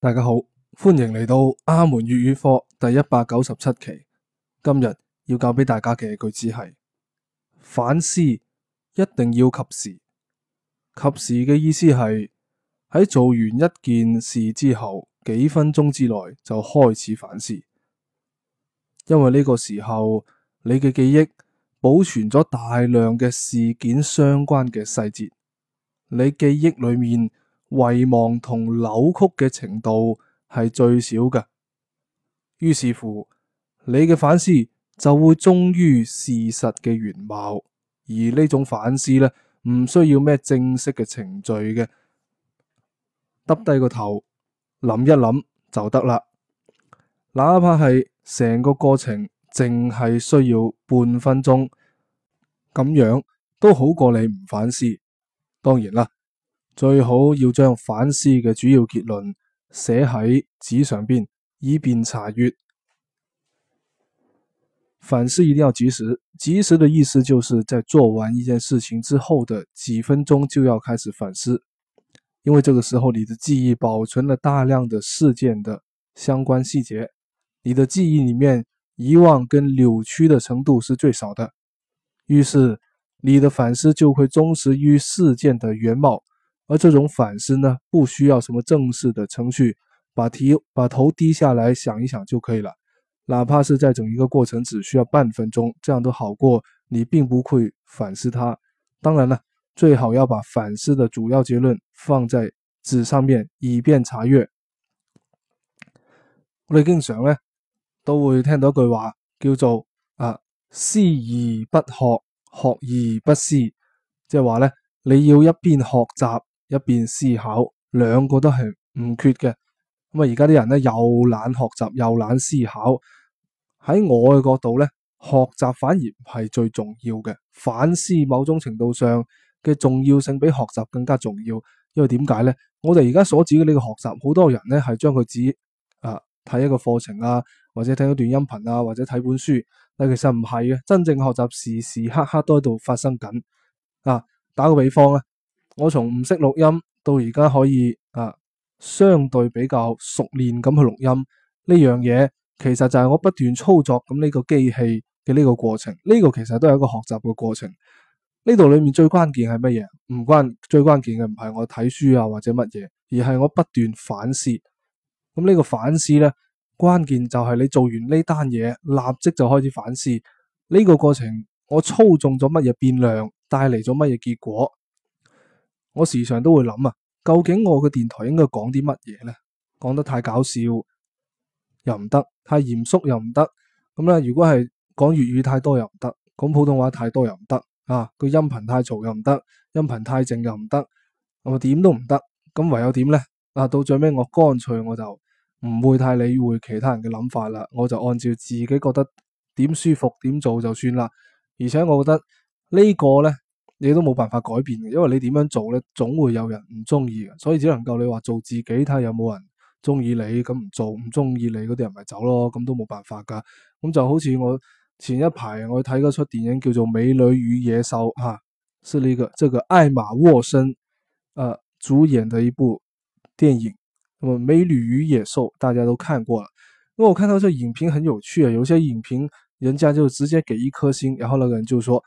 大家好，歡迎嚟到阿門粵語課第一百九十七期。今日要教俾大家嘅句子係反思，一定要及時。及時嘅意思係喺做完一件事之後幾分鐘之內就開始反思，因為呢個時候你嘅記憶保存咗大量嘅事件相關嘅細節，你記憶裏面遺忘同扭曲嘅程度係最少嘅，於是乎你嘅反思就會忠於事實嘅原貌。而呢種反思呢，唔需要咩正式嘅程序嘅，耷低，低個頭諗一諗就得啦。哪怕係成個過程淨係需要半分鐘，咁樣都好過你唔反思。當然啦。最好要將反思嘅主要結論寫喺紙上邊，以便查閱。反思一定要及時，及時的意思就是在做完一件事情之後的幾分鐘就要開始反思，因爲這個時候你的記憶保存了大量的事件的相關細節，你的記憶裏面遺忘跟扭曲的程度是最少的，於是你的反思就會忠實於事件的原貌。而這種反思呢，不需要什麼正式的程序，把題，把頭低下來想一想就可以了。哪怕是在整一個過程只需要半分鐘，這樣都好過你並不會反思它。當然啦，最好要把反思的主要結論放在紙上面，以便查閱。我哋經常呢都會聽到一句話叫做：啊，思而不學，學而不思，即係話呢，你要一邊學習。一邊思考，兩個都係唔缺嘅。咁啊，而家啲人咧又懶學習，又懶思考。喺我嘅角度咧，學習反而唔係最重要嘅。反思某種程度上嘅重要性，比學習更加重要。因為點解咧？我哋而家所指嘅呢個學習，好多人咧係將佢指啊睇一個課程啊，或者聽一段音頻啊，或者睇本書。但其實唔係嘅，真正學習時時刻刻都喺度發生緊。啊，打個比方咧。我從唔識錄音到而家可以啊，相對比較熟練咁去錄音呢樣嘢，其實就係我不斷操作咁呢個機器嘅呢個過程，呢個其實都係一個學習嘅過程。呢度裏面最關鍵係乜嘢？唔關，最關鍵嘅唔係我睇書啊或者乜嘢，而係我不斷反思。咁呢個反思呢，關鍵就係你做完呢單嘢，立即就開始反思呢個過程，我操縱咗乜嘢變量，帶嚟咗乜嘢結果。我時常都會諗啊，究竟我嘅電台應該講啲乜嘢呢？講得太搞笑又唔得，太嚴肅又唔得。咁、嗯、咧，如果係講粵語太多又唔得，講普通話太多又唔得。啊，個音頻太嘈又唔得，音頻太靜又唔得。我咪點都唔得。咁唯有點呢，啊，到最尾我乾脆我就唔會太理會其他人嘅諗法啦。我就按照自己覺得點舒服點做就算啦。而且我覺得呢個呢。你都冇辦法改變嘅，因為你點樣做咧，總會有人唔中意嘅，所以只能夠你話做自己，睇下有冇人中意你，咁、嗯、唔做唔中意你嗰啲人咪走咯，咁、嗯、都冇辦法噶。咁、嗯、就好似我前一排我去睇嗰出電影叫做《美女與野獸》吓，呢、啊這個即係、這個艾瑪沃森誒、呃、主演嘅一部電影。咁、嗯、《美女與野獸》大家都看過了。因、嗯、為我看到這個影評很有趣啊，有些影評人家就直接給一顆星，然後那個人就說。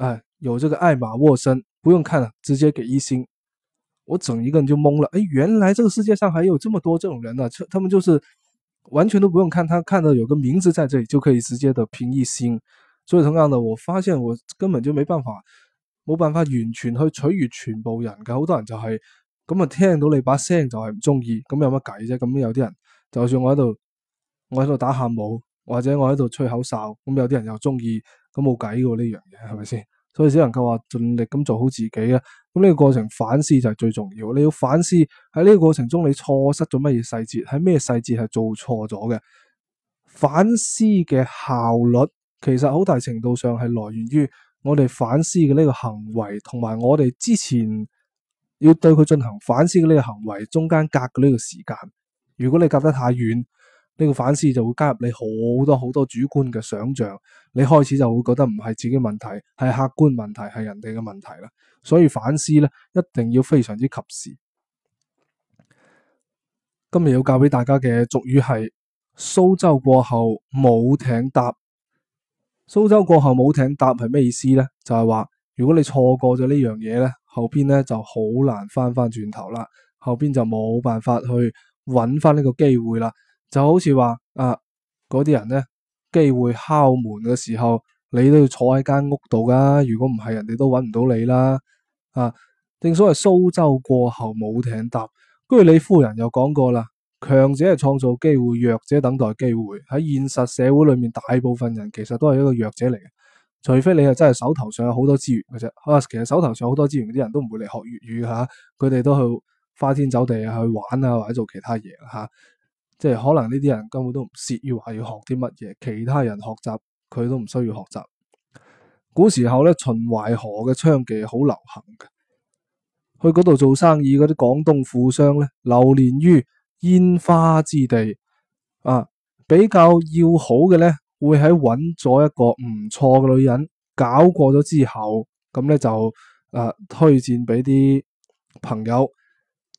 哎，有這個艾瑪沃森，不用看了，直接給一星。我整一個人就懵了，哎，原來這個世界上還有這麼多這種人啊！他們就是完全都不用看他，他看到有個名字在這裏就可以直接的評一星。所以同樣的，我發現我根本就沒辦法，冇辦法完全去取悅全部人嘅。好多人就係咁啊，聽到你把聲就係唔中意，咁有乜計啫？咁有啲人就算我喺度，我喺度打喊舞，或者我喺度吹口哨，咁有啲人又中意，咁冇計嘅呢樣嘢，係咪先？所以只能夠話盡力咁做好自己啊。咁呢個過程反思就係最重要。你要反思喺呢個過程中你錯失咗乜嘢細節，喺咩細節係做錯咗嘅。反思嘅效率其實好大程度上係來源於我哋反思嘅呢個行為，同埋我哋之前要對佢進行反思嘅呢個行為中間隔嘅呢個時間。如果你隔得太遠。呢個反思就會加入你好多好多主觀嘅想像，你開始就會覺得唔係自己問題，係客觀問題，係人哋嘅問題啦。所以反思咧一定要非常之及時。今日要教俾大家嘅俗語係蘇州過後冇艇搭。蘇州過後冇艇搭係咩意思呢？就係話如果你錯過咗呢樣嘢咧，後邊呢就好難翻翻轉頭啦，後邊就冇辦法去揾翻呢個機會啦。就好似話啊，嗰啲人呢，機會敲門嘅時候，你都要坐喺間屋度噶。如果唔係，人哋都揾唔到你啦。啊，正所謂蘇州過後冇艇搭。跟住李夫人又講過啦，強者係創造機會，弱者等待機會。喺現實社會裏面，大部分人其實都係一個弱者嚟嘅，除非你係真係手頭上有好多資源嘅啫。啊，其實手頭上有好多資源，啲人都唔會嚟學粵語吓，啊，佢哋都去花天酒地啊，去玩啊，或者做其他嘢吓。啊即係可能呢啲人根本都唔屑於話要學啲乜嘢，其他人學習佢都唔需要學習。古時候咧，秦淮河嘅娼妓好流行嘅，去嗰度做生意嗰啲廣東富商咧，流連於煙花之地啊，比較要好嘅咧，會喺揾咗一個唔錯嘅女人搞過咗之後，咁咧就誒、啊、推薦俾啲朋友，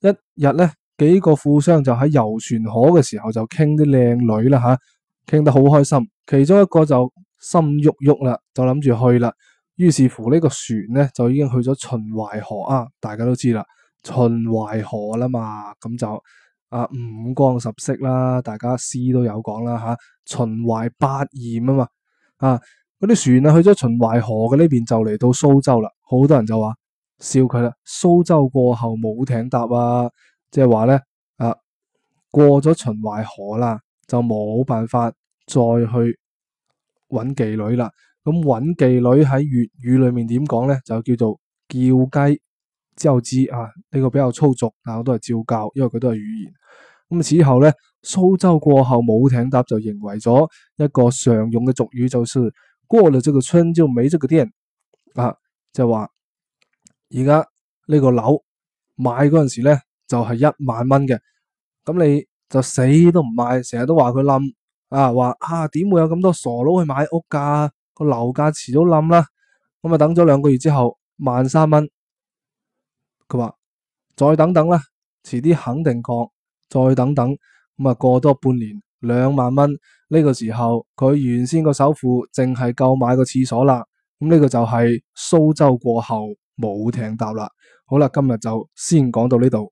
一日咧。幾個富商就喺遊船河嘅時候就傾啲靚女啦吓，傾、啊、得好開心。其中一個就心郁郁啦，就諗住去啦。於是乎呢個船咧就已經去咗秦淮河啊，大家都知啦，秦淮河啦嘛，咁就啊五光十色啦，大家詩都有講啦吓、啊，秦淮八艷啊嘛啊，嗰啲船啊去咗秦淮河嘅呢邊就嚟到蘇州啦，好多人就話笑佢啦，蘇州過後冇艇搭啊。即係話咧，啊過咗秦淮河啦，就冇辦法再去搵妓女啦。咁、嗯、搵妓女喺粵語裏面點講咧？就叫做叫雞之後知啊。呢、這個比較粗俗，但、啊、我都係照教，因為佢都係語言。咁、嗯、此後咧，蘇州過後冇艇搭就成為咗一個常用嘅俗語，就是過了這個村就沒這個店啊。即係話而家呢個樓買嗰陣時咧。就係一萬蚊嘅，咁你就死都唔買，成日都話佢冧啊，話啊點會有咁多傻佬去買屋噶？個樓價遲早冧啦，咁啊等咗兩個月之後，萬三蚊，佢話再等等啦，遲啲肯定降，再等等，咁啊過多半年，兩萬蚊，呢個時候，佢原先個首付淨係夠買個廁所啦，咁呢個就係蘇州過後冇艇搭啦。好啦，今日就先講到呢度。